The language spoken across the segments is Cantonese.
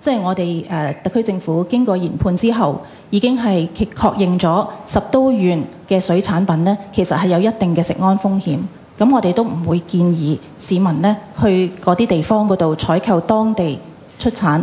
即係我哋誒、呃、特區政府經過研判之後，已經係確認咗十都縣嘅水產品咧，其實係有一定嘅食安風險。咁我哋都唔會建議市民咧去嗰啲地方嗰度採購當地出產。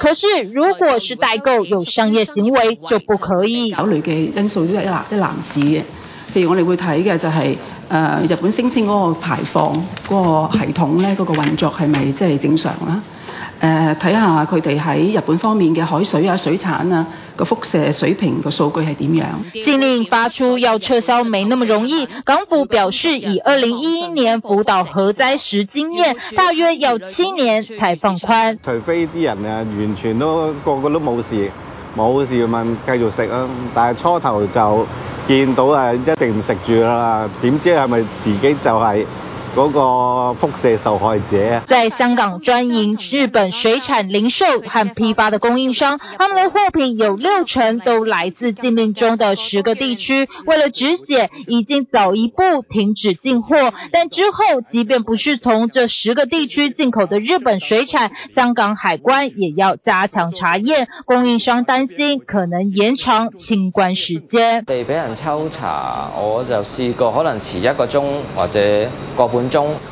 可是，如果是代購有商業行為，就不可以。考慮嘅因素都係一一籃子嘅，譬如我哋會睇嘅就係、呃、日本聲稱嗰個排放嗰個系統咧，嗰個運作係咪即係正常啦？誒睇下佢哋喺日本方面嘅海水啊、水產啊，個輻射水平個數據係點樣？禁令發出要撤銷沒那麼容易，港府表示以2011年福島核災時經驗，大約要七年才放寬。除非啲人啊完全都個個都冇事冇事，就問繼續食啊，但係初頭就見到呀、啊，一定唔食住啦，點知係咪自己就係、是？嗰個輻射受害者啊。在香港專營日本水產零售和批發的供應商，他們的貨品有六成都來自禁令中的十個地區。為了止血，已經早一步停止進貨。但之後，即便不是從這十個地區進口的日本水產，香港海關也要加強查驗。供應商擔心可能延長清關時間。地畀人抽查，我就試過可能遲一個鐘或者個半。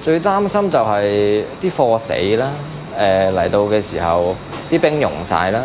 最擔心就係啲貨死啦，呃、嚟到嘅時候啲冰融晒啦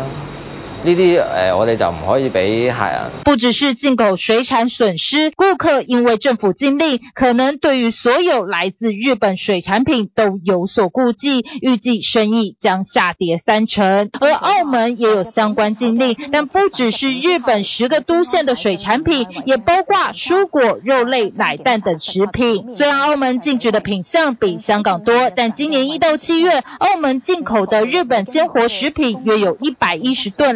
呢啲誒我哋就唔可以俾客人，不只是進口水產損失，顧客因為政府禁令，可能對於所有來自日本水產品都有所顧忌，預計生意將下跌三成。而澳門也有相關禁令，但不只是日本十個都縣的水產品，也包括蔬果、肉類、奶蛋等食品。雖然澳門禁止的品項比香港多，但今年一到七月，澳門進口的日本鮮活食品約有一百一十噸，